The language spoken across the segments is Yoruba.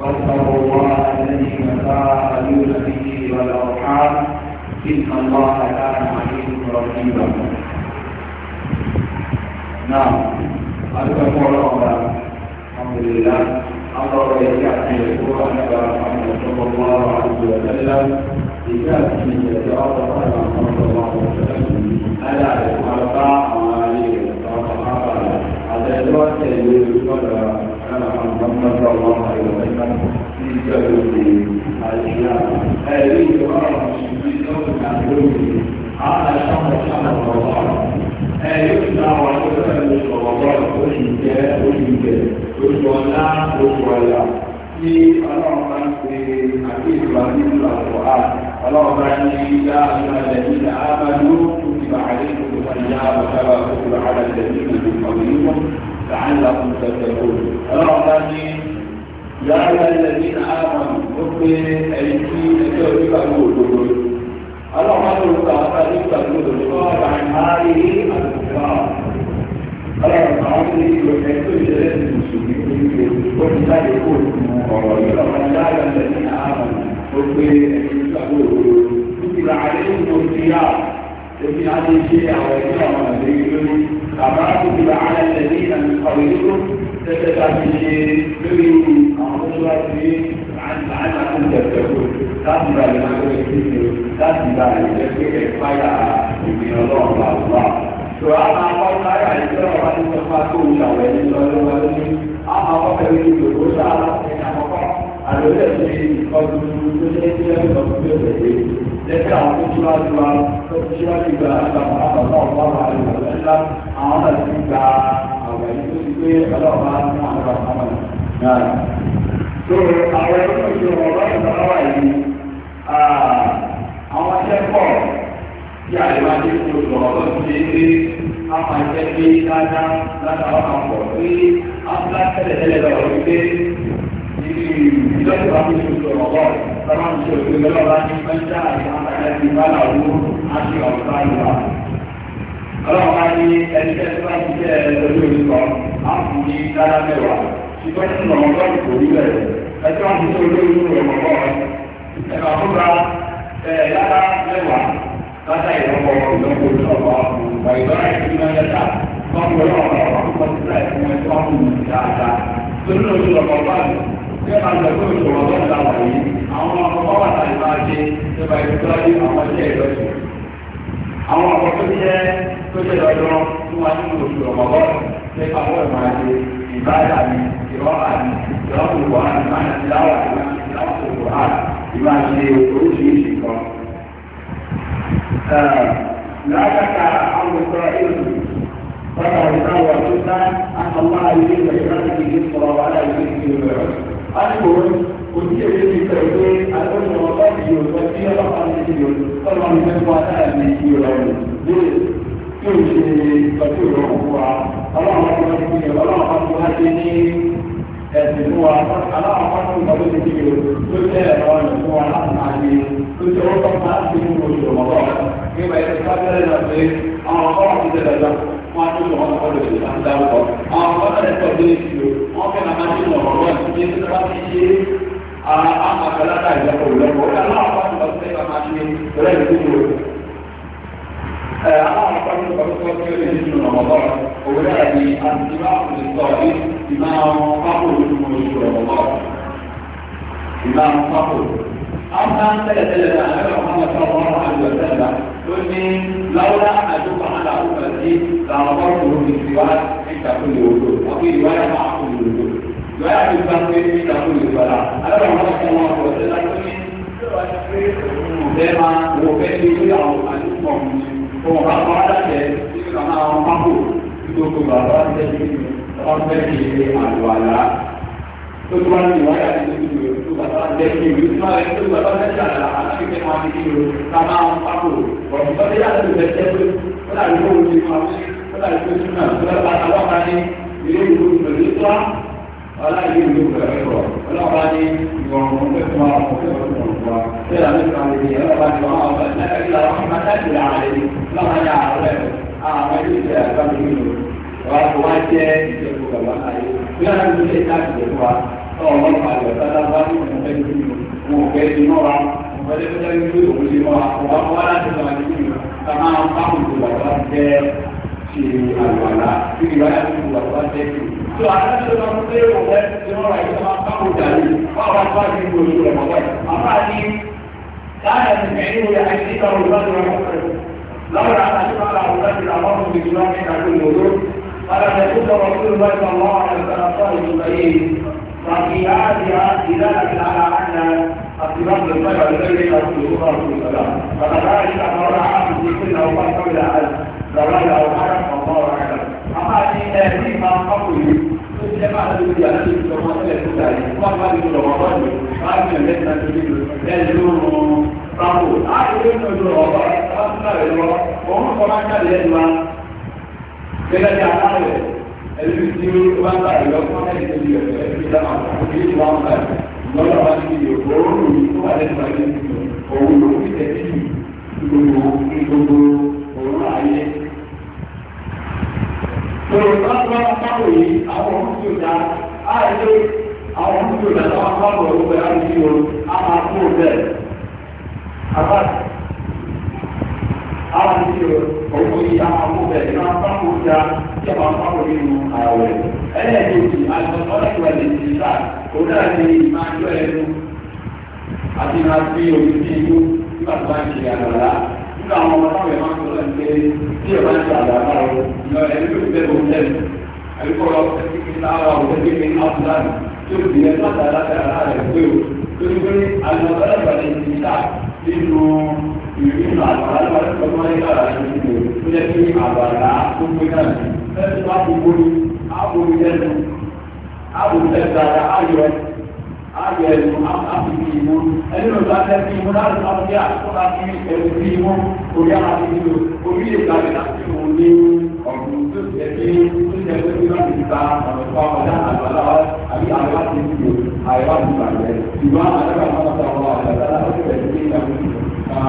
واتقوا الله الذي تساءلون به والارحام ان الله كان عليكم رقيبا نعم أتقوا الله الحمد لله أمر يجعل يقول أن محمد صلى الله عليه وسلم لذلك من جزيرات صلى الله عليه وسلم ألا يتعرف عليه وتعرف على هذا الوقت محمد صلى الله عليه وسلم في جلد الإسلام هذه المرأة في جلد الأمور على شهر شهر رمضان يطلع ويدخل رمضان وشمكاء وشمكاء وشولع وشولع في الأمر في حديث رسول الله اللهم إني يا أيها الذين آمنوا كتب عليكم الصيام كما كتب على الذين من قبلكم لعلكم تتقون اللهم إني يا أيها الذين آمنوا كتب أيديكم كتب عليكم اللهم صل على سيدنا وعن آله الكفار اللهم أعطني وحيث جلال المسلمين وبالتالي كل من لا الذين آمنوا كتب عليهم الخيار لكن هذا الشيء على الكرام الذين كما كتب على الذين من قبلكم تتبع الشيء بمن أعرض عن لعلكم تتقون كتب لما تكتبوا كتب لذلك فلا من الله الله وأما قد لا يعرف أن تفاكم شعبين صلى الله عليه وسلم أما قد يجب الوسع àlọ́lẹ̀ tó ṣe ń tó ṣe ṣe lẹ́tẹ̀ àwọn tó ṣíwájú wa tó tí a máa jẹ́ pé dáadáa látàwọn àpọ̀ lẹ́yìn bá fún oṣù ọ̀pọ̀ tọ́lá ń ṣe òṣèlú lọ́wọ́ ní pẹ́ńtà àti ìbálà owó àti ọ̀pá ìwà. ọlọ́run bá ní ẹni tẹ́tí bá ti jẹ́ ẹlẹ́lú ìkọ́ á fún ní dára mẹ́wàá ṣùgbọ́n nínú ọ̀gbọ́n kò rí bẹ̀rẹ̀ ẹjọ́ ń fún olóyún ìrọ̀mọ̀kọ́ ẹ̀ka fúnra ẹ̀ lára mẹ́wàá látà ìrọ̀mọ̀ ìdókòwò ọ̀pọ̀ ọ̀pọ̀ ìdọ́rẹ̀ ìdúnmẹ́lẹ́ta wọ́n mú ọlọ́run ọ̀pọ̀ nípa ìgbàgbọ́ ìṣòro ọ̀dọ́ ìta wàyí àwọn ọkọ̀ wà láì máa ṣe nípa ìgbàgbọ́ ayé àwọn iṣẹ́ ìlọ́sìn. àwọn ọkọ̀ tó jẹ́ tó jẹ́ lọ́dọ́ fún wa nínú oṣù ọ̀mọ̀gọ́ nípa wọ́n máa ṣe ìbáyà mi ìrọ́lá mi ìrọ́lùwà mi máa ń tiláwà ìrọ́lùwà ìmá ṣe oríṣiríṣi kan. lágbàtà àwọn ìṣòro ìlú فقد تاوى سنة أن الله يجيب إبراهيم بالصلاة ولا يجيب بالعسر àdìgbò òtí èdè ti sọ pé àtọ́jú ọba ti yóò sọ sí ọlọ́pàá ní ti yóò sọ́nà ní mẹ́fọ́ àtàrà ní ti yóò rẹ̀ lé tí ò ṣe ìtọ́jú ìrọ̀ fún wa ọlọ́run bá ti fi yẹ ọlọ́run bá ti wá dé ní ẹ̀sìn fún wa aláwọ̀ bá ti wà lóde ti wọn tó lọ wọn lọ lè máa ń dárúkọ àwọn ọmọ rẹ pọ̀ lórí ìlú wọn fẹ́ máa ti lọ ọ̀rọ̀ ìdílé tó bá ti ṣe ara àmàkàlà náà ìjọba òlọ́pọ̀ ó dáná àwọn ọmọ tó fẹ́ máa ṣe rẹ̀ lóko àwọn akọ́ni ọ̀pọ̀lọpọ̀ tí ó lè nínú ọ̀mọ̀lọ́rọ̀ òwe náà ni àtìmá òṣìṣọ́ ní ìmáà pápó àwọn náà ń tẹ̀lé tẹ̀lé náà lẹ́yìn ọ̀hún ọ̀hún ọ̀hún ọ̀hún ọ̀hún àti ọ̀sẹ̀ ńlá tó ní lọ́wọ́lá àdúgbò àlà òkùnrin sí làwọn ọkọ̀ òkú ti wá ìtàkùnlé òdo ọkùnrin ìwáyà máa kú òdo ìwáyà ti gbà pé ìtàkùnlé ìgbàlá alẹ́ ọ̀hún ọ̀hún ọ̀hún ọ̀hún ọ̀sẹ̀ ńlá tó ní bẹ́ẹ̀ máa wọ bẹ́ẹ̀ ní ilé àwọn àdúgbò ọ̀hún ọ̀hún ọ̀hún aláṣẹ ìgbàlá àwọn pápó ìdókòwò àbájáde ọ̀hún bẹ́ẹ̀ ní ilé àlọ́ àlá tó tó bá ní ìwádìí àti ìdíjú tó bàbá lẹ́yìn ìlú tó máa rẹ̀ tó bàbá lẹ́yìn àlà àti ìfẹ́ máa ti kíro ká máa pápò ọ̀rọ̀ tó yà lóde rẹ̀ tẹ́ pé ó dàbí kó o ti máa fi ó dàbí kó o ti máa fi ó dàbí kó o ilé ìlú pẹ̀lú ìtura ọlá ìlú ìlú pẹ̀lú ìtura ọlọ́ọ̀bá ní ìwọ̀n fẹ́ fún wa fẹ́ fún wa fẹ́ làmì kan wàá tó wá jẹ́ ìjẹ́kù bàbá ayé bí wọ́n á ṣe káàdì ìjẹ́kù wa ọ̀rọ̀ ọ̀pá àgbẹ̀ sáadá wá ní ìfẹ́ ìlú wọn ò ti mọ́ wa wọn fẹ́ fẹ́ ìlú òun ti mọ́ wa wọn wá láti lọ àti ìlú ká máa bá òun tó bàbá jẹ́ ṣe àlùwàlá bí ìwádà tó tó bàbá jẹ́ ṣe. tó àtàkùn náà ń gbé òun ẹ̀ ti mọ́ wa ìjọba bá òun dàrí báwa bá ti ń gbòòrò rẹ̀ mọ́ àbá ní láyà ti fẹ́ẹ́ ní àìsíkà òun bá ti ألم يكن رسول الله صلى الله عليه وسلم صاحب البعيد ففي عهدها دلالة على أن الصراط الطيب الذي رسول الله صلى الله عليه وسلم فكذلك أمر عام في كل أوقات قبل أن زوال أو حرم الله أعلم أما في تهذيب ما قبله جماعة الولايات المتوسطة الثانية وقال الرمضان قال لنا تريد يزورون رسول عارف انه الرمضان قال له وهم كمان كان يدمع كده يعني tí ó bá ìlọ fún ẹ̀sìn ìlú ẹ̀sìn ìlú ní ìlú àwọn ọ̀gá lọ́dọ̀ wá sí ìlú òórùn yìí tó wà lẹ́sìn àti òun ló fi tẹ̀sí gbogbo gbogbo òun ayé. Tòrò bá bá báwò yìí àwọn ohun tó dá àìlé àwọn ohun tó dá láwọn báwò ọ̀rọ̀ bẹ̀rẹ̀ àti ìwọ̀n á máa kú bẹ́ẹ̀. Àbá àwọn ìṣòro òun yìí á máa kú bẹ́ẹ̀ tí àwọn akọ́kọ́ nínú ààwẹ̀ ẹlẹ́ẹ̀kejì àtọ̀kọ́lẹ́kọ̀ọ́ lè ti sá kó náà ní máa jọ ẹnu àti máa fi omi sí inú nígbà tó bá ń ṣe àgbàlá nínú àwọn ọmọ táwọn ẹ̀ máa ń sọ̀rọ̀ pé tí ẹ̀ bá ń ṣe àgbàlá o lọ ẹni tó ti bẹ́ẹ̀ bó ń tẹ̀lé àbíkọ́ lọ sí lára òun tẹ́lẹ̀ ní áfúlán tí ó ti yẹ látàlátà rẹ̀ pé o tó ti pé àtọ̀kọ́lẹ́kọ̀ọ́ lè ti sá nínú ìrìnà àgbàlagbà tó tọ́ ní kára ìdìbò tó jẹ́ kí àgbàlá tó gbé náà ní fẹ́ẹ́ tó àpò gbóni àpò ìjẹ́nu àpò ìjẹ́dára ayọ̀ ayọ̀ ẹ̀nu àpò ìmú ẹni lọ́dọ̀ àti ẹ̀sìn ìmú láti máa fi àkókò àti ẹ̀sìn sí ìmú orí àti ìlú orí ìgbàlẹ̀ láti mú ní ọ̀gbìn tó jẹ́ kí tó jẹ́ pé kí wọ́n ti ta ọ̀dọ̀kọ̀ ọ̀dá àgbàlá àbí àgbàlá ti dìbò àìwá ti bàjẹ́ ìgbà àdàkà máa ta ọ̀rọ̀ àgbàlá ó ti bẹ̀rẹ̀ sí ìgbà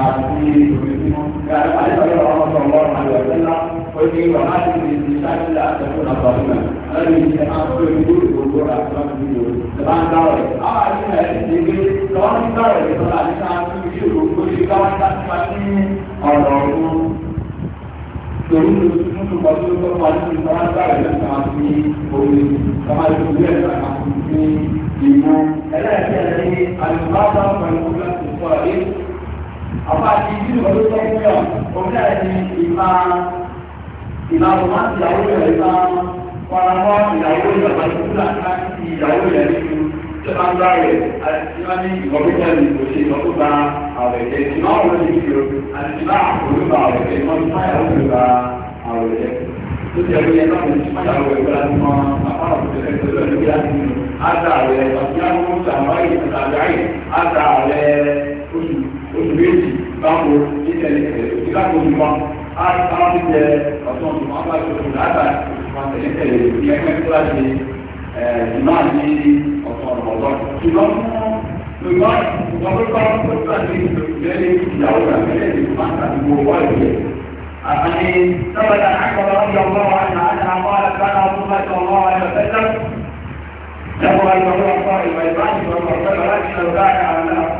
àti ìròyìnmọ́. Gàdá àti ọ̀rọ̀ ọ̀sọ̀rọ̀ àlùfẹ́lá ó ní wà láti fi ti ṣáàtìlá àtẹ̀kùn àbọ̀lùmọ̀. Lẹ́nu iṣẹ́ máa ń pè ní gbogbo àtúntò ìlú. Ìbá ń dá ọ̀rẹ́. Àwọn àti ẹ̀rí ti gbé lọ́wọ́ ń dá ọ̀rẹ́ lọ́la àti sáàtì ìṣe òkú ṣe káwọn dá sí wa ní ọ̀rọ̀ ọ̀run. Tòun ló tún tún bọ́ tó tọ́ wájú ní káwọn dá ọ̀rẹ́ lọ́la àti omi káwọn ń bẹ̀rẹ̀ lọ́la àti ìmọ̀. Ẹlẹ́ẹ̀kẹ́ ni àlùfáà bá wọn kọ́ àwọn àti ìdílé wọn ló tọ́ fún yàn òun náà ni ìmá ìlànà máa ti ìyàwó rẹ̀ ìmá paramọ́ ìyàwó rẹ̀ pàtàkì láti ìyàwó rẹ̀ nínú ìjọba ń bá rẹ̀ àti ìmá ní ìgbọ̀gbẹ́jà ní kò ṣe ìgbọ̀gbọ́ bá àwẹ̀ jẹ́ ìmá òun ní ìgbìrò àti ìmá òun bá àwẹ̀ jẹ́ ìmá ìmá ìyàwó rẹ̀ bá àwẹ̀ tó ti ẹ̀rọ yẹn náà ní ti ẹ̀rọ yẹn tó ti ẹ̀rọ yẹn ada rẹ ọjà mú báwo ní tẹ̀lé tẹ̀lé ìlànà òṣùpá á sáwọn ti jẹ ọ̀tún òṣùpá bá ṣe òṣùpá lágbà òṣùpá tẹ̀lé tẹ̀lé ní ẹgbẹ́ tó láti ìmáà ní ọ̀tún ọ̀rọ̀mọ̀lọ́ ṣùgbọ́n ṣùgbọ́n wọn ló bá wọn tó láti ìgbẹ́lẹ̀ ìyàwó àgbẹ̀lẹ̀ ìgbà àdúgbò wáyé àti sábàdà àkọ́lọ́ ọ̀dọ́ ọlọ́wọ́ àti àwọn àgbàlá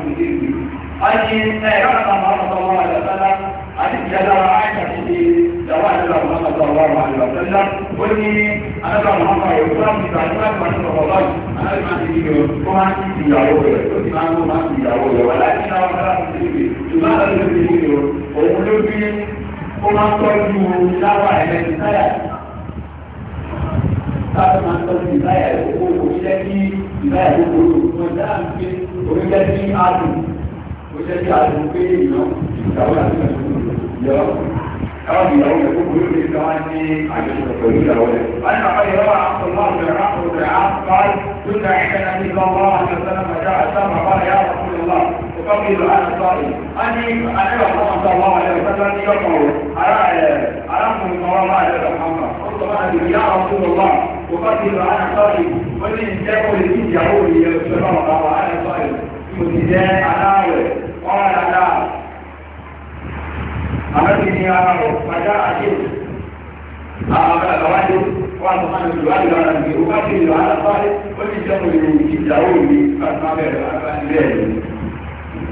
أجل أعرف محمد صلى الله عليه وسلم أن جدر عائشة في دواء نبي محمد صلى الله عليه وسلم قلني أنا نبي محمد يقول في تعليمات ما شاء الله أنا لما تجي وما تجي يعوي وما ما تجي يعوي ولكن أنا ما تجي لماذا تجي وقلبي وما تجي دواء إلى النهاية Táwọn máa ń tọ́jú ìbáyà ìkókó, òṣìṣẹ́ kí ìbáyà ìkókó, òṣìṣẹ́ kí oríṣẹ́ kí adùn jẹ́ kí àdúgbò pé èèyàn ìyàwó àti ìyàwó yọ káwọn ìyàwó rẹ̀ kó kúrò ní káwọn ní àjọṣepọ̀ pẹ̀lú ìyàwó rẹ̀. wọ́n ní àwọn ìyàwó àwọn ọmọ rẹ̀ rákò rẹ̀ á parí tó dá ẹ̀kẹ́ náà ní lọ́wọ́ àti ọ̀sán náà mẹ́ta àti àwọn àbá rẹ̀ yàrá fún ìlú náà kó bá mi lọ àti sọ́ọ̀rì. wọ́n ní àdéhùn àwọn ọmọ ọmọ rẹ̀ ọ̀sán náà ní ọkọ̀ arákùnrin kan wọ́n máa rẹ̀ lọ́kàn وقتل على قائد ومن جاءوا للجهول يبسلون على قائد ابتداء على قال لا أمرني يا رب فجاء شيء أعطى الواجب وأطمأن الواجب على النبي وقتل على الطالب وتجمع المسجد داوود فما بين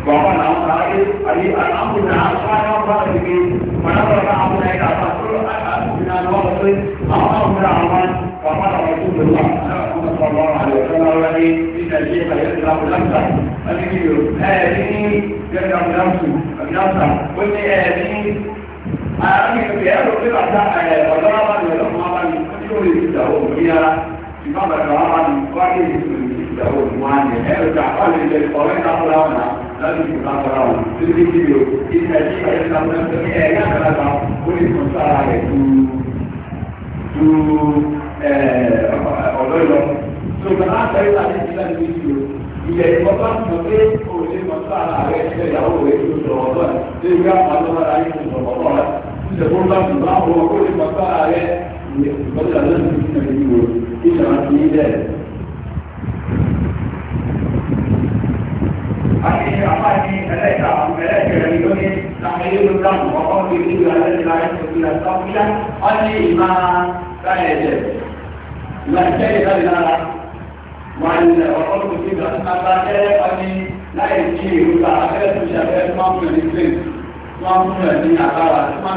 وقال عن علي علي الأمر بن عفان وقال به ونظر بعضنا إلى رسول بن الوقت أمر بن عفان وقال رسول الله صلى الله عليه وسلم إن الشيخ يسلم لمسه فالنبي هذه gẹ́gẹ́ àwọn yàtù àbíyàtà ó ní ẹ̀ ní arábìnrin rẹ̀ ẹ̀rọ pé bàtà ẹ̀ ọ̀dọ́ arábàlì ẹ̀rọ fún arábàlì ó ní òye ìdáwó òmìnira ìmọ̀ bàtà arábàlì wá ní ìdáwó òmìnira ẹ̀rọ ìjà àpáàlì ilẹ̀ ọ̀rẹ́ ìdáwó àwọn láti fi bá bára wọn tó ní kí o ìgbà tí ìgbà tí àwọn ẹgbẹ́ ní ẹ̀yà àgbàlagbà ó lè tún sára rẹ̀ tú ọ̀dọ́ ìlọ. tó bá a sọ ìlànà ìlànà ìlú ìyẹ̀ ìwọ́n bá ń sọ pé òòlù mọ̀ sí ìyàwó rẹ̀ tó sọ ọ̀dọ́ ẹ̀ ṣé ìgbà máa lọ́wọ́ ara yìí tó sọ ọ̀dọ́ rẹ̀ ṣíṣe kó bá ń bá wọn kó lè mọ̀ sí ara rẹ̀ ìgbọ́dọ̀ lọ́sùn ìṣẹ̀lẹ̀ ìwò ìṣàǹtì ilẹ̀. àti àpáàdì ẹlẹ́ta ẹlẹ́kẹ̀rẹ́ ni ó ní làmìlélò dáhùn ọkọ̀ ní ìlú alẹ́lẹ́lá ìṣòkìlà sọ́kílá wọ́n ní ìmá láyẹ̀jẹ̀ láìpẹ́ wọ́n ọ̀rọ̀ tó ti gbà abájẹ́ ọdí láì jí ìlú bá abẹ́rẹ́ tó ní plẹ̀ tó máa ń fún ẹ̀ ní máa ń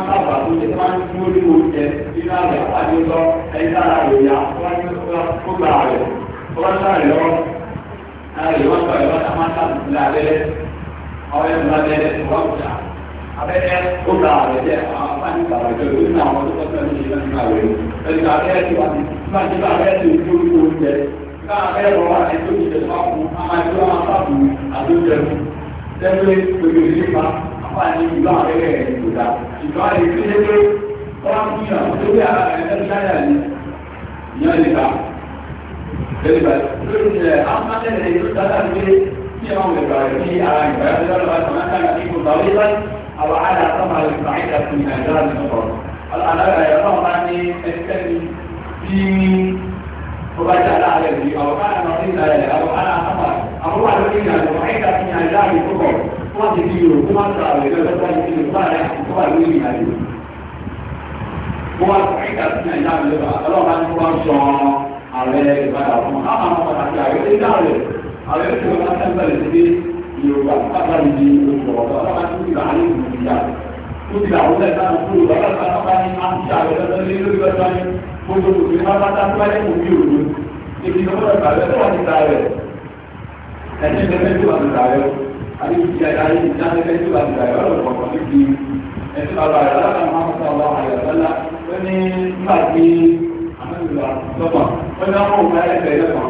kábà tó ṣe oúnjẹ nínú àrẹ àti lọ ẹ̀yà àròyà tó gba àrẹ wọ́n sáré lọ àrẹ wọ́n sọ ìwọ́n sá máa ń sábà sílẹ̀ abẹ́rẹ́ káàkiri wà ní tó ti tẹ̀lé ọkùn àmà ìjọ àwọn àpapọ̀ àdójẹun tẹ́lẹ̀ pẹ̀lú nípa apá ní ìlú àrẹ́rẹ́ ìgbòdà ìjọ àrẹ́ tó lé pé wọ́n fún yàn tó bí ara rẹ̀ tẹ́lẹ̀ sáyà ní ìyàn nípa tẹ́lẹ̀ lórí ilẹ̀ amálẹ̀rẹ̀ tó sáyà pé kí àwọn ìgbà rẹ̀ ní ara ìgbà rẹ̀ lọ́wọ́ àtàwọn àtàwọn ìgbòdà ko ba ta ala ni aw kana ma ni da ya aw ana ama aw wa ni ya ko ai ka ni ya da ni ko ko ti di yo ko ma ta le da ta ni ni ba ya ko ba ni ya ni ko wa ko ai ka ni ya da ni ba ala ma ni ko ba so ale ba da ko ama ma ta ya ni da le ale ko ma ta ba le ti yo ba ta ba ni ni ko ba ma ni ba ni ni ya ko ti da ko ta na ko ba ta ba gbogbo òbí máa bá tá wáyé kò bí òní ibi tó gbọ́dọ̀ gbàgbé tó wà níta rẹ̀ ẹni ìfẹ́fẹ́ tó wà níta rẹ̀ àti ìdí ayé ìdí afẹ́fẹ́ tó wà níta rẹ̀ ọ̀rọ̀ kọ̀ọ̀kan níbi ẹni bàbá rẹ̀ alága máa ń sọ ọ̀rọ̀ àyọ̀tọ́lá ó ní nígbà tí àmọ́lùwà lọ́gbọ̀n ó ní ọmọ òun láyé ẹgbẹ́ lẹ́kọ̀ọ́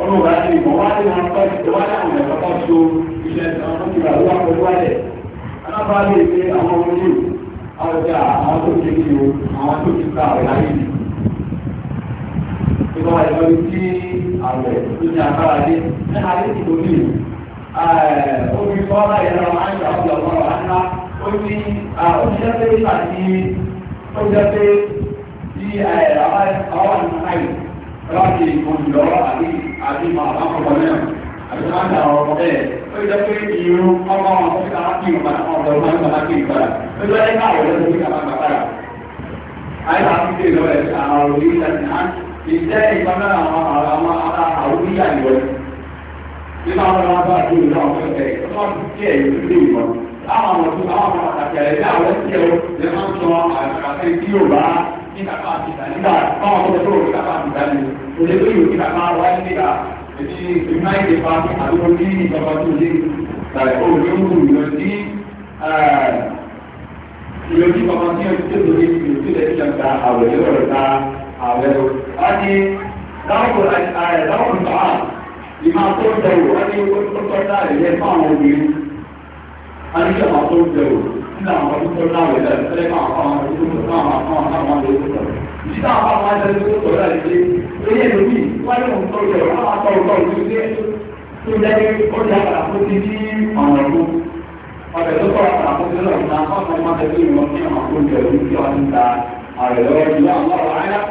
ọmọ òun láyé ìmọ̀ wá ní wọn kọ́ ìṣẹ́ wá láwọn ẹ̀kọ́ kọ́ so iṣẹ́ ìtàn ọmọ ìgbà ló wà pẹ̀lú àyẹ̀ ìwọ ìwọ tí àwẹ̀ tó ní agbára dé ní ayé tí ní omi fọ́lá ìlànà àìsà ọ̀dọ̀ ọ̀rọ̀ àná ó ní òṣìṣẹ́ pé nígbà tí àwọn àìsàn láti ìkòjọ́ àti àti àti ìjẹ́ ìpamẹ́ àwọn àwọn ará àwùjá ìwẹ̀ nípa àwọn ọmọ bá tó ìlú ọ̀fẹ́ ọmọ tí ẹ̀ yóò lè wọ̀ láwọn ọmọ tó àwọn ọmọ pàtàkì ẹ̀ ní àwọn tí ẹ̀ lè máa ń sọ àkàtà tí yóò bá ní kàkà àtìgbà nígbà báwọn ọmọ tó rò kàkà àtìgbà ni kò lè lóyún ní kàkà wá ní nígbà ètí ìgbìmọ̀ ìdè pa àdúgbò ní ìjọba tó lé òyìnbó ìlọsí ìlọsí pàpàtí ọdún tó lè ààrẹ o a ní dáhùn ààrẹ dáhùn bàá ìmá tó dẹ̀wò a ní owó tó tọ́ láàrẹ̀ yẹ fáwọn obìnrin a ní kí àwọn tó dẹ̀wò nínú àwọn tó tọ́ láàrẹ̀ lẹ́yìn tẹ́lẹ̀ máa fáwọn tó tọ́ láàrẹ̀ fáwọn táwọn lè tọ́ ìdí táwọn bá máa tẹ́lẹ̀ tó tọ́ láàrẹ̀ pé eyé lómi wáyé òun tó dẹ̀wò láwọn tó tọ́ ìdílé tó jẹ́ ó jẹ́ àpàlà tó ti ní ọ̀nà tó ọ̀dẹ̀ tó tọ́ àpàlà tó ti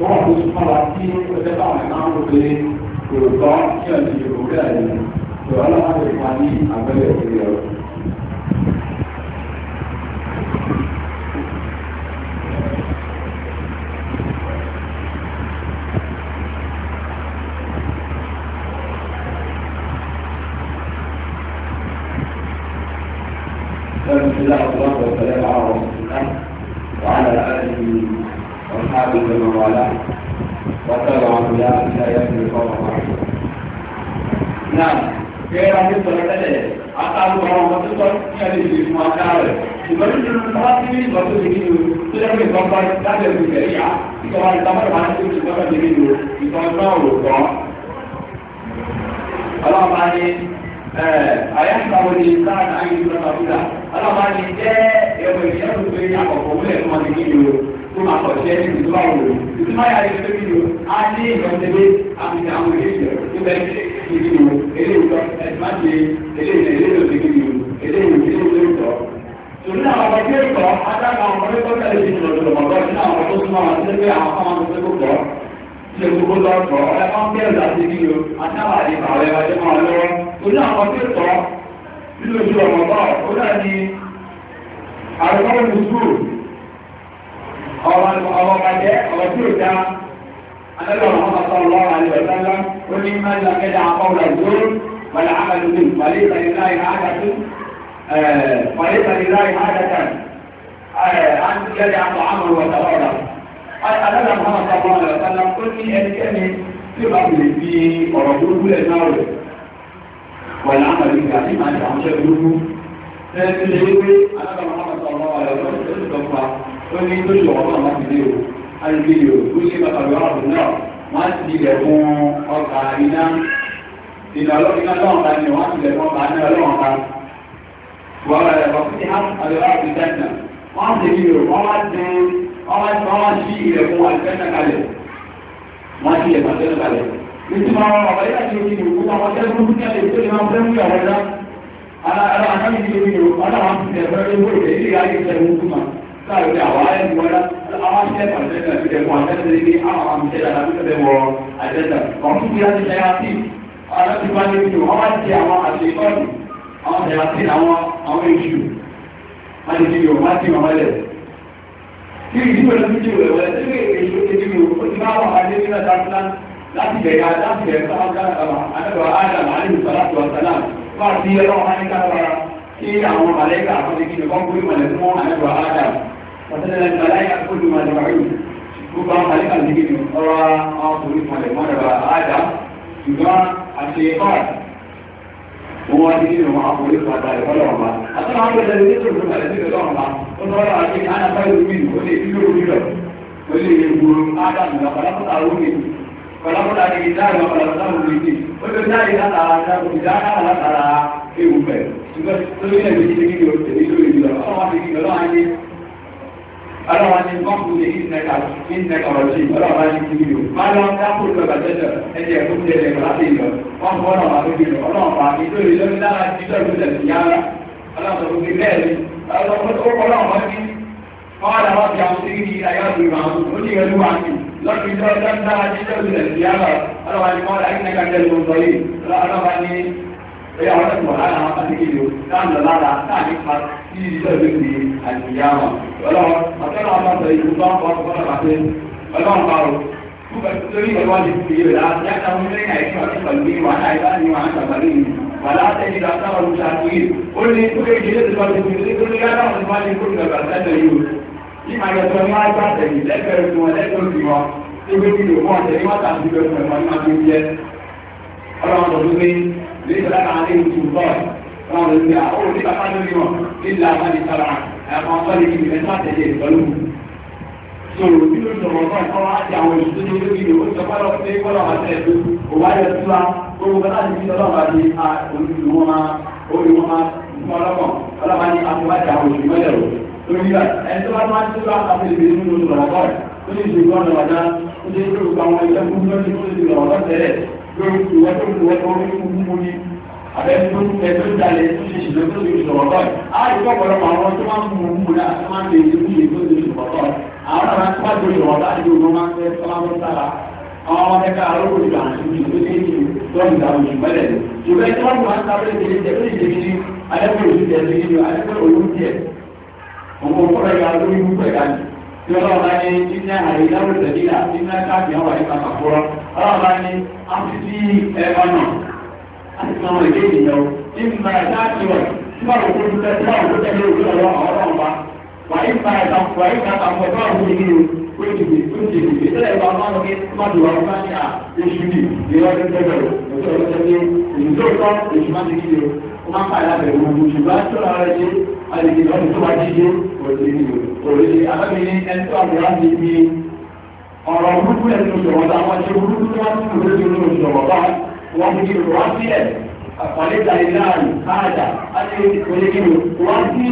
我老早就看了，因为我在上海，那时候对就早，第二就是普遍的，就阿拉那里环境特别恶劣。ti tọ́ka ti nínú ìtàn ẹgbẹ́ ọ̀rọ̀ kan. ọlọ́ọ̀bá ní àyàtàwọn ní sáàdà ayélujára kàbúdà ọlọ́ọ̀bá ní jẹ́ ẹ̀rọ ìṣẹ́lú pé àkọ́kọ́ wọlé ẹ̀kọ́ ti nínú tó máa kọ̀ ṣẹ́ nínú tó bá wò ó. ìtumọ̀ yà ni pé nínú a ní ìrọ̀lẹ́lẹ́ àmì àwọn èèyàn tó bẹ́ẹ̀ àtàkà àwọn ọmọdé tó tẹ̀lé sí ìlú ọmọdé nínú àwọn tó súnmọ́ àwọn tó gbé àwọn ọmọ tó tó gbọ́ tí o gbogbo lọ tọ́ ẹ máa ń bẹ̀rẹ̀ láti bí o àtàwà ní ìbàwẹ̀ ẹwàjẹ́ máa lọ́wọ́ ojú àwọn tó tọ́ nínú ojú ọmọdé ó dà ní àrùkọ́rùn sùúrù ọmọ bàjẹ́ ọmọ tí ó dá أدل محمد صلى الله عليه وسلم ومن من لم يدع قول الزور والعمل به فليس لله حاجة فليس لله حاجة عن جدع وعمر وتولى أنا محمد صلى الله عليه وسلم قلت أنني في قبل في ورسول كل النار والعمل الكريم أن تعمل شكله لكن يقول أنا محمد صلى الله عليه وسلم قلت كل وطن ما تديره الفيديو كل ما تبعه النار ما تديره أرقى إلى إلى إلى الله أن يوحد لكم أن الله وعلى وقتها الأرض جنة wọ́n ti kí o wọ́n wá ti wọ́n wá sí ilẹ̀ fún àìsẹ́nà kalẹ̀ wọ́n sí ilẹ̀ àìsẹ́nà kalẹ̀ nítorí máa wọ́n wọ́n yá sí ojú ìlú kó wọ́n tẹ́lẹ̀ fún ní alẹ́ tó lè máa fẹ́ mú ìyàwó dá ara ara àkáyé sí ojú ìlú ọlọ́wọ́n ti tẹ̀ fẹ́ lóko ìlẹ̀ ilé ayé tẹ̀lé fún ma káàkiri àwọn ayé ti wọ́n dá àwọn ṣẹ́ àìsẹ́nà ti tẹ̀ fún àìsẹ́nà ní àwọn àmì tẹ́lẹ̀ àti tẹ̀lẹ̀ wọ àìsẹ́nà ọ̀tún ti láti ṣe àti ara ti bá ní ojú ọwọ́ ti àwọn àṣeyọ́nù àwọn ṣe àti àwọn àwọn èṣù wọ́n ti kiri òun láti wọ́n mọ́lẹ̀. Kí ìdíbò lọ sí ti wẹ̀ wẹ̀ tí èyí ó ti kiri òun ti máa wọ́n adé nílẹ̀ dáadáa láti bẹ̀rẹ̀ láti bẹ̀rẹ̀ sáwọ́dá àdàbà Ádámù Alíhù Sàlátù Ọ̀sálà wà sí ẹlọ́run á ní káfara kí àwọn màlẹ́kà àkọ́lé kí nìkan gbórí mọ̀lẹ́ fún àdàbà Ádámù. Ọ̀sẹ̀lẹ̀ màlẹ́kà kúlù màlẹ́kà rù. Gbogbo àwọn màlẹ́kà ní kí ni ọ̀rọ̀ àwọn kòrí mọ̀lẹ́ mọ́lẹ́ bá Ádámù. Ṣùgbọ́n àti ẹ̀kọ́ wọ́n ní nínú àwọn ọkùnrin padà ìwọ́lọ̀ ọ̀ma. Àtúnwá ń bẹ̀rẹ̀ ní tòun nípa ìdílé lọ́ọ̀ma. Ó lọ́ wọ́n àti àyàfẹ́ ìlúmi ó lè dúró orí rẹ̀. Ó lè gbòòrò Ádámù lọ pàlápàá omi. Pàlápàá ni ìdáàrọ̀ pàlápàá omi ni. Ó lè dáàrí látara ìdáàrọ̀ látara ewu bẹ̀. Ṣùgbọ́n tó ní ẹ̀mí ti ní o tẹ̀lé lórí ìlọ. Ọlọ́wọ́n ti kí lọ́wọ́ ayé. Ọlọ́wọ́n ti kọ́ fún mi ìnẹ̀kà ìnẹ̀kà ọ̀rọ̀ sí. Ọlọ́wọ́n ti kí ni o. Má lọ dákòó lọ bàjẹ́ wọ́n ọlọ́run pa nítorí lórí lára títọ́ ìgbésẹ̀ sí yára aláṣọ tó fi bẹ́ẹ̀ ni ọlọ́run wọ́n ti wọ́n wà láwọn ti àwọn sí ní ayé ọ̀sìn ìwà àwọn ó ní ìrẹ́lú wa ní lọ́sùn ìjọ ọjọ́ lára títọ́ ìgbésẹ̀ sí yára ni wọ́n láti nẹ́ka jẹ́ ló ń sọ yìí ọlọ́wà ni ẹ̀yà wọ́n ti wọ̀ lára àwọn pàtíkìlì ó dáńdọ̀ lára láàrin pa sí ìjọ ìgbésẹ̀ àti ìyá wọn ọlọ́wà ọ̀tọ́ náà wọ́n sọ تريد الوالد في العام يحكم إلينا إشارة قلبي وعلى عبادي وعن سبرين ولا تجد أكثر المشاكين قل لي كل جلد الوالد في الذي قل لي لا تعمل الوالد كل بأسات اليوم لما يسمى تعتني ذكرت وذكر فيما تقول لي هو ما تعتني بأسما ما تقول ọlọ́run ọdún ní lẹ́yìn lára alẹ́ ìtù bọ́ọ̀lù ọlọ́run ní àwọn olùdíkà fáwọn ìlú náà nílùú àwọn ìtara àwọn ọ̀sán ìlú ẹ̀ta tẹ̀lé ìtọ́lù tó o ní lóṣù ọmọkàn kọ́ àti àwọn ìṣúté ní lórí ìwé ìjọba lọ pé kọ́lọ̀ àti ẹ̀dùn òwá yẹ tura gbogbo bá láti fi tọ́lọ́ bá di olùdùnmọ́ máa olùmọ́ máa fún ọlọ́kàn ọlọ́kàn ní àtúwájú àwọn òṣù mọ́lẹ̀ rò lórí rà ẹni tó bá máa ti tura àti ìbèrè nínú oṣù ọmọkàn ó ní ìṣègùn ọ̀nà wàdá ó ní ìṣègùn àwọn ìṣẹ́gun lọ́sí abẹ́tún ẹ̀tún jalè ṣíṣe lóṣù tó ṣùgbọ́n bọ́ọ̀ àti ọ̀pọ̀lọpọ̀ àwọn tó máa ń mú un múra tó máa ń lè ṣe kúlè tó ṣe ṣùgbọ́n bọ́ọ̀ àwọn ọ̀rọ̀ tó máa ń lè ṣùgbọ́n bọ́ọ̀ àti òun máa ń fẹ́ tó máa ń sára àwọn ọmọ ẹ̀ka arúgbó ìlú àti ìlú tó ṣe ìlú tó ń dàrú ìmọ̀lẹ̀ ṣùgbọ́n àti àwọn èdè ènìyàn ní mma ẹ̀dá àti wọn tí wọn kò tó tẹ tí wọn kò tẹ ní ojú ọ̀rọ̀ àwọn ọ̀rọ̀ wa wàá ìgbà ẹ̀dá wàá ìgbà àpò ẹ̀dá àwọn èdè ènìyàn ó ti bì ó ti bì sílẹ̀ wọn kí wọn wà wọn ní à èṣù bì ní ọdún tẹ́lẹ̀ ọ̀sẹ̀ ọ̀sẹ̀ ní ìdúró tọ́ èṣù má ti kíni o má fà lábẹ́ gbogbo ṣùgbọ́n tó ara rẹ ṣe àlejò lọ́dún tó wá jíjẹ òṣèlú òṣèlú ẹni tó àbúrò wọ́n fi wọ́n sílẹ̀ àpọ̀lẹ́ta ìlànà káàdà láti ìpínlẹ̀ kíni wọ́n sí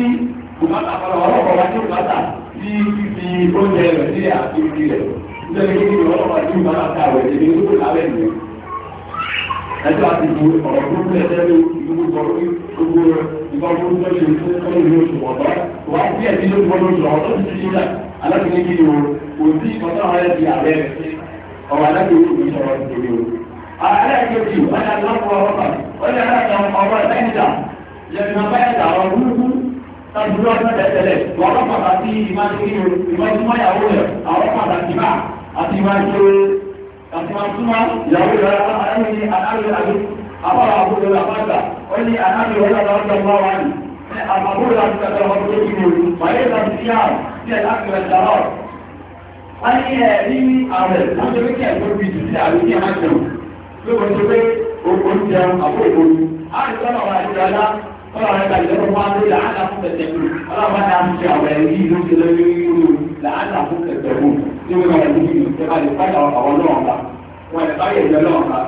bùkátà fọlọ́ ọlọ́pàá wá sí bùkátà sí fífi oúnjẹ rẹ̀ sí àfihàn rẹ̀ nítorí kíni ọlọ́pàá sí bùkátà rẹ̀ ní ìlú tó lábẹ́ ìlú. ẹjọ́ àti bu ọ̀rọ̀ tó ń lẹ́sẹ̀ ní ìlú gbogbo ìgbà tó ń tọ́jú fún ìlú oṣù ọ̀dọ́ wá sí ẹ̀bí ló gbọ́dọ̀ sọ ọ̀dọ́ ti ti yíra alákìní kíni o kò sí ìkọ́tà ọ̀rẹ́ ti ààrẹ ọ̀rọ̀ alákìní kò ní sọ̀rọ̀ aláìkejì ọjà lọ́pọ̀ ọ̀pọ̀ ọjà láti ọ̀pọ̀ ẹ̀ńdà lẹ́nu ọ̀pọ̀ ẹ̀ńdà ọ̀rọ̀ burúkú tàbílọ́ tẹ́lẹ̀tẹ́lẹ̀ wọ́n pàtàkì ìmájúmọ́yàwó rẹ̀ àwọn pàtàkì máa àti ìmájúmọ́ ìyàwó rẹ̀ aláìní aláìláàbí àbára àbúrò àbájá ó ní aláìní ọlọ́dọ̀ ọjọ́ bá wà ní àbúrò àti ẹgbẹ̀rún ọdún tó kí ní wáyé láti sí àrùn sí ẹ̀ láti rẹ̀ dàrọ̀ wọ́n ní ẹ̀ ní àrẹ̀ láti rí kí ẹ̀ tó bí jù sí àrùn ní àjẹun tí wọ́n ti pé òkú ń jẹun àbó òkúru. àìsàn àwọn àìsàlá ọlọ́run ẹ̀ka ìjọba wa ló làálà fún tẹ̀tẹ̀ kù ọlọ́run bá dáa ṣe àwọn ẹ̀rí ìlú ṣe lórí ìlú làálà fún tẹ̀tẹ̀ kù ní wọ́n máa ní ìlú ṣe máa lè fáyà àwọn náà ká wọn lè fáyà ìjọ náà ká.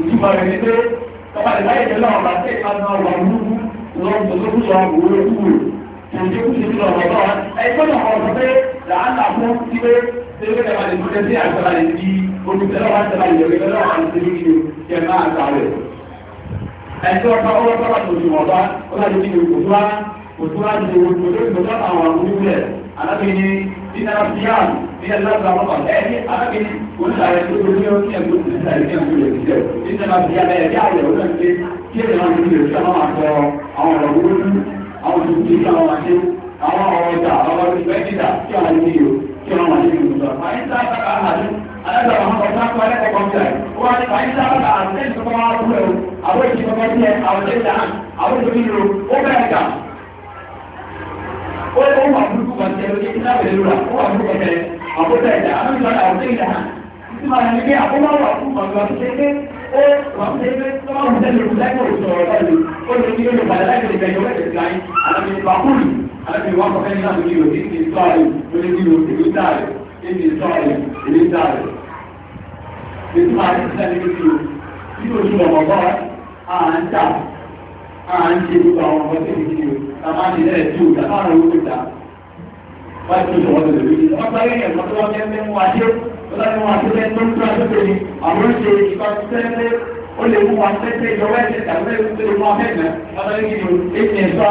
ìtumọ̀ rẹ̀ ni pé tọ́ba lè fáyà ìjọ náà ká tẹ̀ ká máa wà lúkú lọ́wọ́ lọ́wọ́ lọ́wọ́ lọ́wọ́ olùfẹ́lọ́wà òṣìṣẹ́ àwọn ọ̀rọ̀ wọ́n àwọn òṣìṣẹ́ àwọn àṣẹ àwọn ọ̀rọ̀ sọ̀rọ̀ wà nínú ìlú sọ̀rọ̀. Àyìn tá a bá ka àdé, alága àwọn ọmọ ọ̀sán kọ́ ẹ̀kọ́ kan jẹ́. Ó wá ní àyìn tá a bá ka àdé ìsọ̀kọ́ wa rú ẹ̀rù, àwọn èsì kọ́kọ́ jẹ́ àwọn èsì àná, àwọn èsì nílò, ó bẹ̀rẹ̀ gà. Ó lè wà burúkú kan jẹ́ lórí iná pẹ̀lú rà, ó wà burúkú kan jẹ́ àwọn bẹ̀rẹ̀ gà, àwọn ìlú ni pé àkókò wà fún ọ̀gbọ̀n tó ṣe pé ó wà fún ẹgbẹ́ tó máa ń àti ìwà kọ̀ọ̀kẹ́ ní àbúkí òní ti sọ́ọ̀rì orí ní òní dáre ní sọ́ọ̀rì ní dáre ètò àti sẹ́ni ní ti ní oṣù ọ̀mọ̀gbọ́ à ń tà à ń ṣe gbogbo àwọn ọmọ tó ti kí o tàbá ti lẹ́ẹ̀ tí o tàbá rẹ̀ ó ta wá sí ìṣòwò tó lè rí ọgbà yẹn ẹ̀kọ́ tó wá fẹ́ mú adé tó láti mú adé lẹ́nu tó tó àdúgbò ni àwọn ń ṣe ìbáṣẹ́ ó lè mú wa tẹ́tẹ́ ìjọba ẹ̀sẹ̀ tàbí ẹ̀sẹ̀ tó lè mú afẹ́ ìgbà ọ̀tọ́ ní kíni ètò ìsọ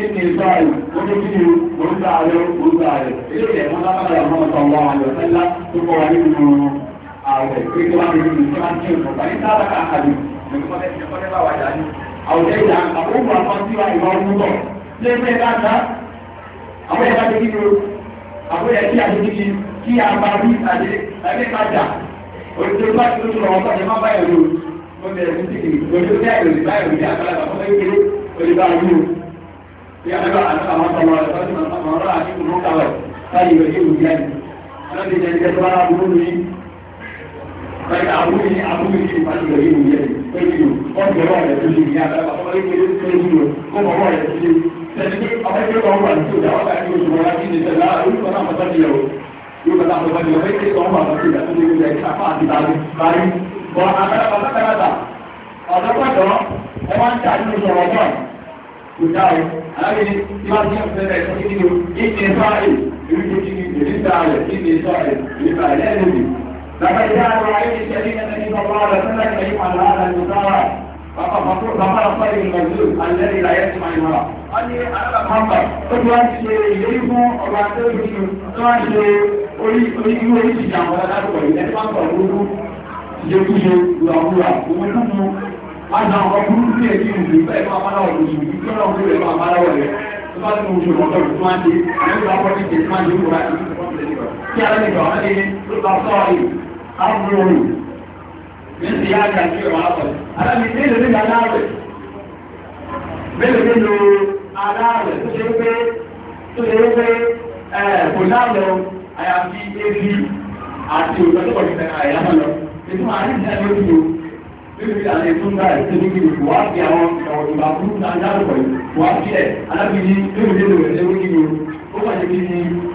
ètò ìsọ rẹ̀ ojú kíni orúkọ ààrẹ orúkọ ààrẹ ètò ìyẹ̀mọ́ lábàlá ọmọ ọ̀tọ̀ wọn àlọ́ sẹ́lá tó kọ́ wa nínú ààrẹ pé kí wọ́n á lè ní kí wọ́n á kí ọ̀tọ̀ bá ní sábà ká àlù àwùjọ ìlà àkókò àkọsíwá ìwà orúkọ lẹ́gbẹ́ dáadáa àwọn ẹ̀ka tó kíni àwọn ẹ̀kí àdébíyí kí a bá rí àdé ẹ̀mí kájà òṣèlú bá ti lóṣù lọ́wọ́ sọ́jà má báyà lóṣù wọ́n bẹ̀rẹ̀ fún títì ìgbẹ́jọ́ ní àìròyìn báyìí òyìn àgbàlagbà fún kékeré olùbá yìí o bí àgbàlagbà àwọn ọmọ rẹ̀ fọ́jú àwọn ọ̀rọ̀ àti ìmọ̀ kàwẹ̀ láyé ìwé yóò yá ni wọ́n ti bọ̀ àgbàlagbà mọ́tàlàgbà ọ̀dọ́gbọ̀dọ́ ẹ wá ń tà nínú ìṣòro ọ̀gbọ́n kò dá o alábìrin tí wọ́n ti ń fẹ́rẹ̀ ẹ̀kọ́ kí ni o kí ni sọ́ọ̀rì ìlú tó kí ni ìlú sọ́ọ̀rì kí ni sọ́ọ̀rì ìlú sọ́ọ̀rì lẹ́nu mi. لقد جاءوا عليه الشريك النبي صلى الله عليه وسلم يجمع هذا المسارع فقال الطيب المجلول الذي لا يسمع المرأة قال لي أنا محمد قلت له أنت شيء يجيبه وبعد ذلك قلت له أنت شيء قلت له أنت شيء قلت له أنت شيء ìyẹ́kúyẹ ìwàwúwà òun lúmú àjọ àwọn ọkùnrin sí èdè ìlú bẹ́ẹ̀ máa máa wọ̀ lóṣù tí ó lọ́wọ́ rẹ̀ máa máa wọ̀ tó bá tún oṣù ọ̀tọ̀ tó máa dé ẹ̀rọ tó máa dé wúra kí ara lè gbà wọ́n lé ló bá sọ àyè áwùrọ̀ òru níbi yá àjà sí ọ̀rọ̀ àpọ̀ alábi mélòó ní aláàrẹ̀ mélòó nínú aláàrẹ̀ tó ṣe pé tó ṣe pé kò láàrọ̀ àyàfi ebi àti ètò àárín ìjà ló ti ń báyìí tó ní kí o wá fi àwọn ọ̀rọ̀ ìgbà burúkú náà dáàbò yìí wá fi ẹ̀ alábìyí lórí ìdílé rẹ̀ lẹ́wọ́ kí o ó wà ní kí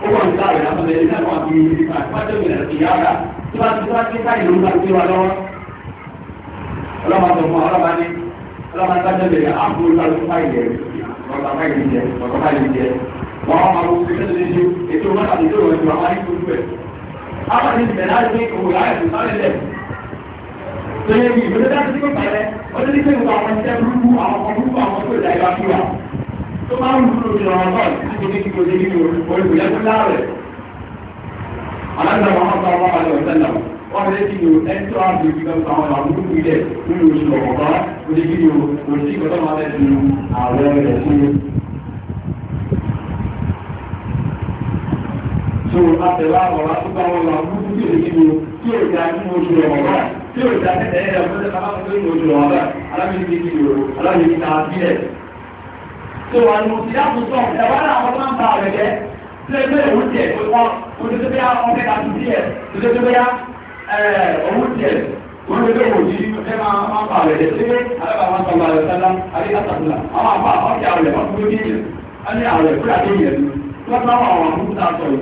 ó wà ní láàrin lábẹ́ ilé náà wà bí ibi kan àti pàtó ìyá ọ̀la tó bá ti tó bá ti báyìí ló ń bá ti wá lọ́wọ́ ọlọ́mọ tó fún ọlọ́mọ ní ọlọ́mọ tó bá tẹ̀lé àpò ìgbàlódé báyìí rẹ̀ ọ̀gá lóye bí ìwé lọ́dá tí kò pẹ̀lẹ́ ó lé nígbà ìwà àwọn iṣẹ́ burúkú àwọn ọmọ burúkú àwọn tó ìdá ìwà fúra tó máa ń wúlò ní ọ̀rọ̀ náà láti ní kíkó ní kíkó olùkó yẹtú láàrẹ̀. aláǹdà wọn bá wà lọ sẹ́lá wọ́n lé ni ẹni tó á bí kíkọ́ àwọn ọmọ burúkú ilẹ̀ nínú oṣù ọ̀kọ̀ọ̀kọ́ ó kí ni òṣì kọ́tọ́ máa fẹ́ du ààrẹ rẹ̀ fún so àtẹ̀lá ọ̀rọ̀ àtúgbà wọn làwọn burúkú kí èdè kí ni kí èdè tí ó dá tẹ́tẹ́ ẹ̀rẹ̀ ọ̀pọ̀lọpọ̀ bá fún ìlú òjò ọ̀rẹ́ alábìnrin ìlú alábìnrin ta sílẹ̀. tó wà ní òsì dáàbò sọ ìjọba náà wọn máa ń ba rẹ̀ jẹ́ tí ó gbé òun tiẹ̀ pé wọ́n oníṣẹ́ bí wọ́n fẹ́ ka tún díẹ̀ oníṣẹ́ bí òun tiẹ̀ wọ́n lè lóòwò yìí ẹ máa máa bà rẹ̀ jẹ́ sílé alábàámá sọ̀rọ̀ àrẹ̀ sálá adékàtàkùlà àwọn àbá ọ̀kẹ́ àrẹ̀ wọn fún ojú yìí wọ́n ní àrẹ̀ fúlà dé yẹn ni wọ́n bá wọn àwọn àmúta sọ̀rọ̀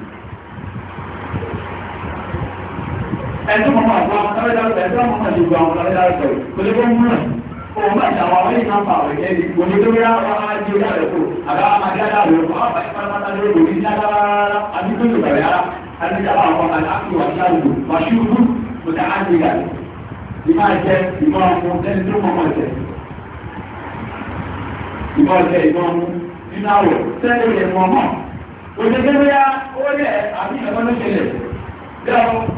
ẹ̀tọ́ mọ̀mọ́ àgbà kárẹ́dáró ẹ̀tọ́ mọ̀mọ́ àdìgbò àwọn kárẹ́dáró pẹ̀lú pẹ̀lú pẹ̀lú mú òun bá ṣàwọn àwọn ènìyàn pa àwọn ìyẹn ni kò ní lórí àwọn ajé orí àrẹ kò àbá àmàdé àdáàrẹ kò á bàyí pátápátá lórí òní ní adára àdúgbò ìgbà rẹ ara àti àwọn àwọn àti wà sí àlùkò wà sí òkú kò tà á ti gà ìmá jẹ ìmá ọmọ ẹni tó mọ̀mọ́ jẹ ìmá jẹ ìmá ọmọ nínú àwọ̀ sẹ́ni ìyẹn mọ̀mọ́ òṣèlú yá ó lẹ̀ àbí ìyẹn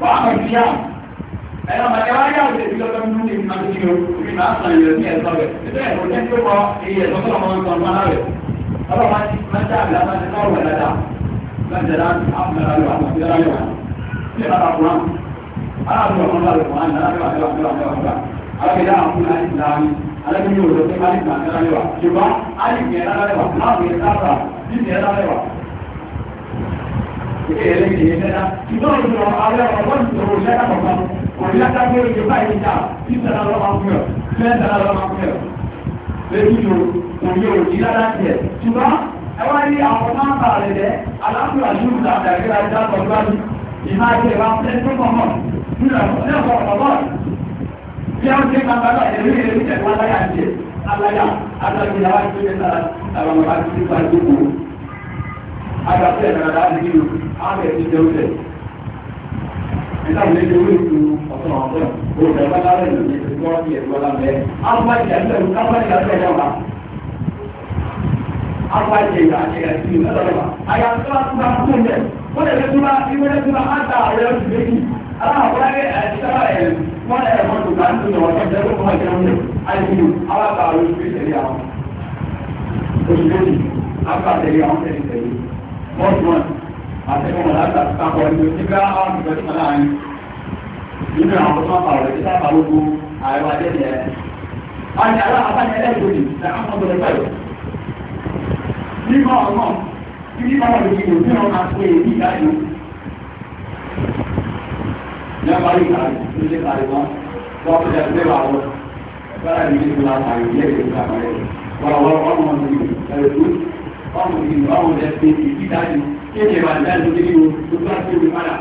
wà á mọ̀ sí àwọn ẹ̀rọ màkàrà yà wò lébi lọ́dọ̀ nínú ní ìmọ̀ àti ìlú orí máa sàn yẹn ní ẹ̀sọ́ rẹ̀ níbẹ̀ kò ní pé wọ́n iye ẹ̀sọ́ tó lọ́mọ nǹkan mọ́ náà rẹ̀ ọlọ́ máa ti máa dá àbílá máa ti náà wẹ̀ dáadáa láti dáa àmàlà lọ àmàlà lọ àmàlà lọ ní bàbá kúrán aláàbò ọmọ náà lọ wọn náà lọ àmàlà lọ àmàlà alábẹ̀dá àkúrà ìsìlámi alábẹ̀dá òdòdó máa ń gbà ìṣẹ̀lẹ̀ ìṣẹ̀lẹ̀ ìdọ́rùn-ún ààrẹ ọ̀pọ̀ ìṣòro ṣẹ́lẹ̀ kọ̀ọ̀kan kò ní látàgbé ìjọ báyìí ìjà ìṣẹ̀lẹ̀ ọlọ́mọkùnrin ṣẹ́lẹ̀ ọlọ́mọkùnrin lẹ́yìn ìjọ òye òjì lára tiẹ̀ ṣùgbọ́n ẹwà ní àwọn máa bà rẹ̀ lẹ́ aláàbùrà yóò gbà dàgbéra ìjà lọ́gbàdì ìmá jẹ́ ìwà fẹ́ẹ́ tó mọ̀ bí a ń ṣe kàkà náà ẹ̀rí ẹ̀rí ìjẹ̀kọ́ aláyà ń jẹ aláyà alágbèlà wájú ẹ̀ta àwọn ọmọ bá ti ti gba ìdókòwò àgbàtẹ́ ìdára láti bí o ààbẹ̀ ti jẹ oúnjẹ nígbàtí lẹ́jọ́ orí ìlú ọ̀sán ọ̀sán òòrùn ẹ̀gbọ́n lára ìlú ní ìlú ọ̀sán ìlú ọ̀làmẹ́ àgbàjẹ́ ìlú kábàjẹ́ ìlú ẹ̀dọ́gba àgbàjẹ́ ìlú àti ìlú ẹ̀dọ́gba àyàtọ̀ àtúbà kúnjẹ wọ́n lè tún bá ìwé tún bá àtà ọ̀rẹ́ oṣù méjì aláàbọ̀láyé àìsíkà ẹ̀ wọ́n lè mọ́ tó bá ń tún lọ ọ̀sán ìjẹ́ lókun ọ̀jẹ́ ọ̀jẹ́ àìsíkà alábàá oṣù méjì tẹ̀lé àwọn oṣù méjì àbá tẹ̀lé àwọn tẹ̀lé bọ́ọ̀dùn àtẹ̀kọ̀mọ̀ láti àpapọ̀ ìlú tí bá àwọn ìgbẹ́ tí mọ́lá ní nínú àwọn tó máa pàrọ̀ ìdí sábà lógo àìwá jẹ́jẹ́ àti aláàbáyé ẹlẹ́gbẹ̀ẹ́ ní àwọn ọmọ ìgbẹ́ nígbà ọmọ tí nígbà wọn lè yìí ní ọmọ àti èyí ìdájú ní abáyé kàrí ní ilé kàrí wọn wọn fi ẹgbẹ́ wà wọn gbára ìdílé tó láta ìdílé tó láta rẹ̀ wọ́n wọ́n wọ́n mọ̀ ní ẹ̀rọ báwo ni báwo lẹ ṣe ìdí dájú kéde ìwà ìdájú nínú ojú àti omi padà.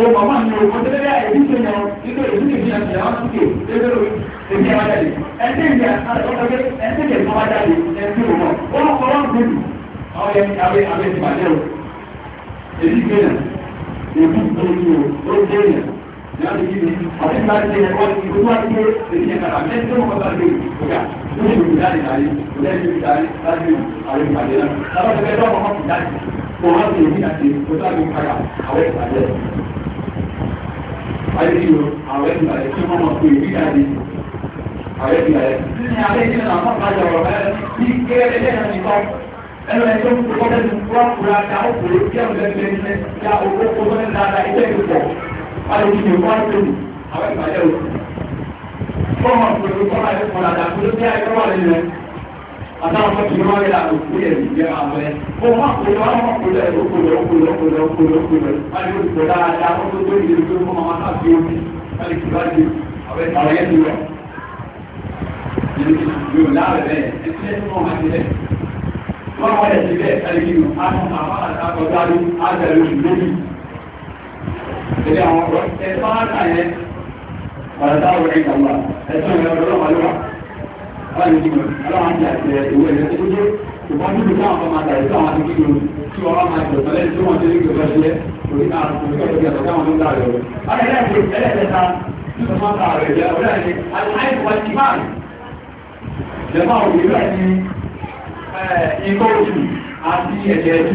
o bàbá mi ò kọjá lẹ́yà èyí tó yàn nígbà èyí tó yàn jẹ́ wọ́n sókè lébẹ́ lórí èyí àwọn jáde ẹ̀ńtẹ́ ìdí àtàlẹ́ ọ̀kọ́jẹ́ ẹ̀ńtẹ́ ìdí àwọn jáde ẹ̀ńtẹ́ òmò wọ́n kọ́ wọ́n gbèlú àwọn yẹn abẹ́ abẹ́ ti bàjẹ́ o èyí gbé yàn èyí tó yàn ó gbé yàn ẹnu ẹjọ́ kò kọ́kọ́ ní wọ́n kura ká ó kúrò kí ẹ̀rù lẹ́nu lẹ́nu lẹ́nu ya owó kọ́kọ́ ní dáadáa ẹgbẹ́ ìpọ̀ alòkìlè fún àìsèlú àwọn ìpàdé òkú fọ́ọ̀mù àpòlò fọ́ọ̀mù àìsèlú fún àdá àpòlò bí àìsèlú wà nínú àtàwọn ọmọ ìgbìmọ̀ rẹ̀ àlòkù yẹ̀ ìgbẹ́ àwọn ẹ̀ fọ́ọ̀mù àpòlò àwọn ọkùnrin ẹ̀ òkùnrin òkùnrin òkùnrin òkùnrin òkùnrin wáyé òkùnrin tó dáadáa wọ́n tó tó ìdílé tó fún ọmọ káàkiri omi wáyé kí wáyé àwọn ẹ̀ka ọ̀yẹ́ ti rẹ̀ yóò láàrẹ̀ bẹ́ẹ̀ ẹ̀ṣẹ́ tó máa ti rẹ̀ wọ́n wọ́n ẹ̀ ti bẹ́ẹ̀ Jadi àwọn ọ̀rọ̀ ṣe ti rí ìgbẹ̀fẹ́ sílẹ̀, àti ẹ̀jẹ̀ ẹ̀jú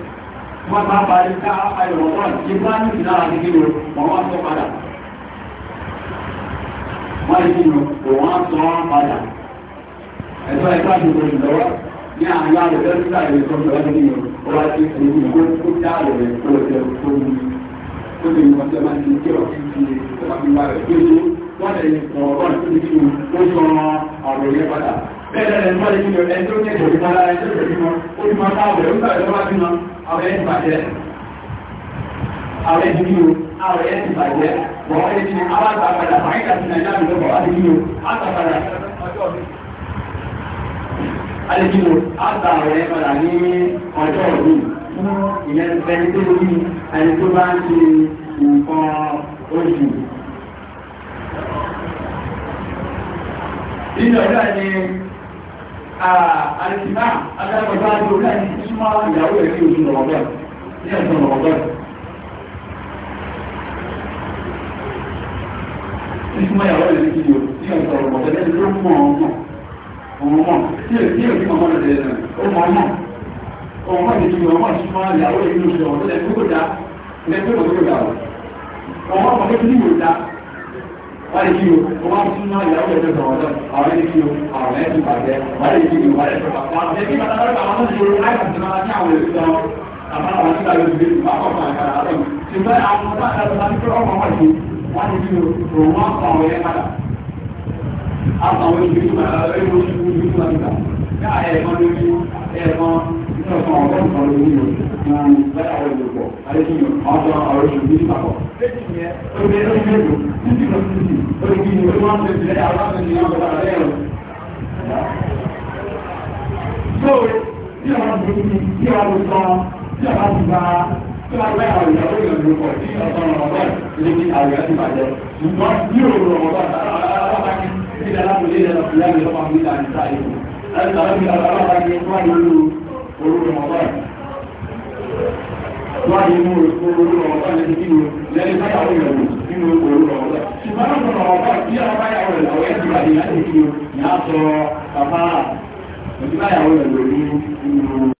wọ́n máa parí ká ayọ̀ wọ́n ti bá ní ìdára ní kíro wọ́n wá sọ padà wọ́n yìí nínú òun á sọ wọ́n padà ẹ̀tọ́ ẹ̀ka ìdìbò ìdọ́wọ́ ní àárín àrò dẹ́kítà ìlú tó ń lọ sí ìlú ó wá sí ìlú ìgbó tó dá àrò rẹ̀ kó lè tó ní ó lè mọ sí ọmọ ìdíje ọ̀sí ti ọmọ ìgbà rẹ̀ tó wọ́n lè mọ̀ ọ̀rọ̀ tó ní kí ó sọ ọ̀rọ̀ yẹn padà bẹ́ẹ̀ lẹ́nu wọ́n àwọn ẹni bàjẹ́ àwọn ẹni yóò àwọn ẹni bàjẹ́ wọ́n ẹni ní àwọn àgbàpadà àyíká sí nàìjíríà ló bọ̀ àti yóò àgbàpadà àti yóò àgbà àwọn ẹni padà ní ọjọ́ òní fún ìyẹn ẹni tó ní ẹni tó bá ń ṣe nǹkan oṣù. Nínú ọjọ́ àìsíná adájọba àjò náà ní súnmọ́ ìyàwó ẹ̀ sí oṣù rọ̀bẹ̀ ní ẹ̀sùn rọ̀bẹ̀ sísúnmọ́ ìyàwó ẹ̀ sí oṣù ní ẹ̀sùn rọ̀bẹ̀ lẹ́yìn ló mọ̀ ọmọ ọmọ tí ò tí ò tí mọ̀mọ́ lẹ̀ lẹ̀ ọmọ ọmọ ọmọ ní kí ọmọ súnmọ́ ìyàwó ẹ̀ sí oṣù rọ̀bẹ̀ lẹ́yìn tó kò dá lẹ́yìn tó kò dá ọmọ ọmọ wáyé kí o tó wá fún náà ìyàwó ẹ̀jẹ̀ sọ̀rọ̀ náà àwọn ẹni kí o àwọn ẹni bàjẹ́ wáyé kí o wáyé sọ̀rọ̀ àwọn ẹni bàtà lọ́rọ̀ àwọn ọmọ ìṣòro láìpàtì máa ní àwọn èso lọ àbára wọn nígbà lórí ìgbé ìgbà kọ̀ọ̀kan àkàrà àtọ̀ ṣùgbọ́n àwọn ọmọ àtàlọ́ máa ń kí ọmọ wọn ṣe wáyé kí o tó wọ́n kọ̀ àwọn ẹ̀yẹ padà àtàwọn ìgbésùn àtàlọ́ ẹ̀yẹ sọ̀tàn ọ̀rọ̀ ọ̀rọ̀ ìlú náà láyà ọ̀rọ̀ ìlú àdéjìnà ọjọ́ ọ̀rọ̀ ìṣòro ní ìpapọ̀. Lẹ́yìn yẹn, ó lè lóyún mélòó, títí lọ sí ti, ó lè kí ni ó máa ń tẹ̀sí lẹ́yà aláṣẹ ni wọ́n bọ̀dá lẹ́yìn rẹ̀. So, tí a máa bọ̀ sí, tí a máa sọ, tí a máa ti gba, tí a máa yàwó ìyàwó ìrìnàjò pọ̀ sí ọ̀sán ọ̀rọ̀ ilé ní àwẹ̀ àti ìbàjẹ́. Ṣùgbọ́n ní òru ọ̀rọ̀ alábàákí, tí ìdálàbò lé orúkọ ọba yìí wọ́n yìí mú orúkọ ọba lẹ́ni nínú lẹ́ni báyàwó rẹ̀ wò nínú orúkọ ọba ṣùgbọ́n orúkọ ọba tí a báyàwó rẹ̀ lọ́wọ́ ẹ̀sìn bá di láti nínú ní a sọ bàbá òjì báyàwó rẹ̀ lò ní nínú